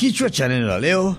Kichwa cha neno la leo: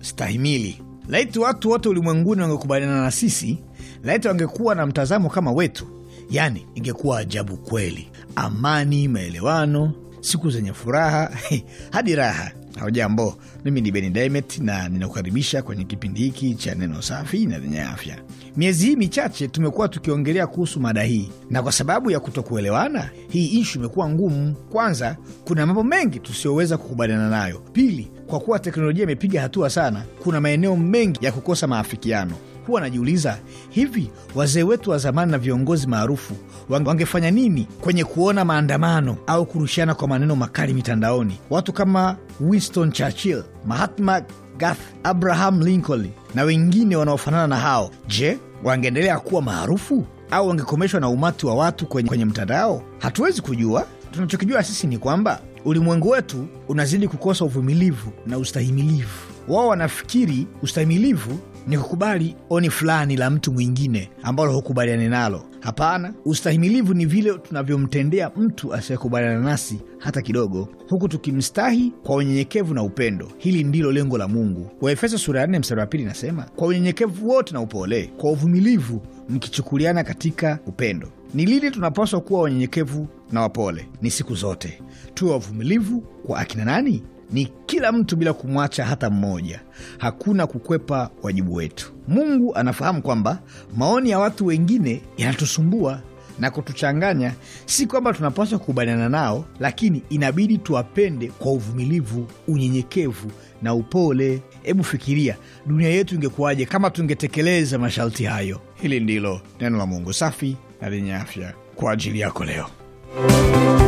stahimili. Laiti watu wote ulimwenguni wangekubaliana na sisi, laiti wangekuwa na mtazamo kama wetu, yani ingekuwa ajabu kweli. Amani, maelewano, siku zenye furaha hadi raha. Hujambo, mimi ni Beni Dimet na ninakukaribisha kwenye kipindi hiki cha neno safi na lenye afya. Miezi hii michache tumekuwa tukiongelea kuhusu mada hii, na kwa sababu ya kutokuelewana, hii ishu imekuwa ngumu. Kwanza, kuna mambo mengi tusiyoweza kukubaliana nayo. Pili, kwa kuwa teknolojia imepiga hatua sana, kuna maeneo mengi ya kukosa maafikiano nilikuwa najiuliza, hivi wazee wetu wa zamani na viongozi maarufu wangefanya nini kwenye kuona maandamano au kurushiana kwa maneno makali mitandaoni? Watu kama Winston Churchill, Mahatma Gandhi, Abraham Lincoln na wengine wanaofanana na hao, je, wangeendelea kuwa maarufu au wangekomeshwa na umati wa watu kwenye, kwenye mtandao? Hatuwezi kujua. Tunachokijua sisi ni kwamba ulimwengu wetu unazidi kukosa uvumilivu na ustahimilivu. Wao wanafikiri ustahimilivu ni kukubali oni fulani la mtu mwingine ambalo hukubaliani nalo. Hapana, ustahimilivu ni vile tunavyomtendea mtu asiyekubaliana nasi hata kidogo, huku tukimstahi kwa unyenyekevu na upendo. Hili ndilo lengo la Mungu. Waefeso sura ya 4 mstari wa pili inasema, kwa unyenyekevu wote na upole, kwa uvumilivu mkichukuliana katika upendo. Ni lini tunapaswa kuwa wanyenyekevu na wapole? Ni siku zote. Tuwe wavumilivu kwa akina nani? ni kila mtu bila kumwacha hata mmoja. Hakuna kukwepa wajibu wetu. Mungu anafahamu kwamba maoni ya watu wengine yanatusumbua na kutuchanganya. Si kwamba tunapaswa kukubaliana nao, lakini inabidi tuwapende kwa uvumilivu, unyenyekevu na upole. Hebu fikiria dunia yetu ingekuwaje kama tungetekeleza masharti hayo. Hili ndilo neno la Mungu safi na lenye afya kwa ajili yako leo.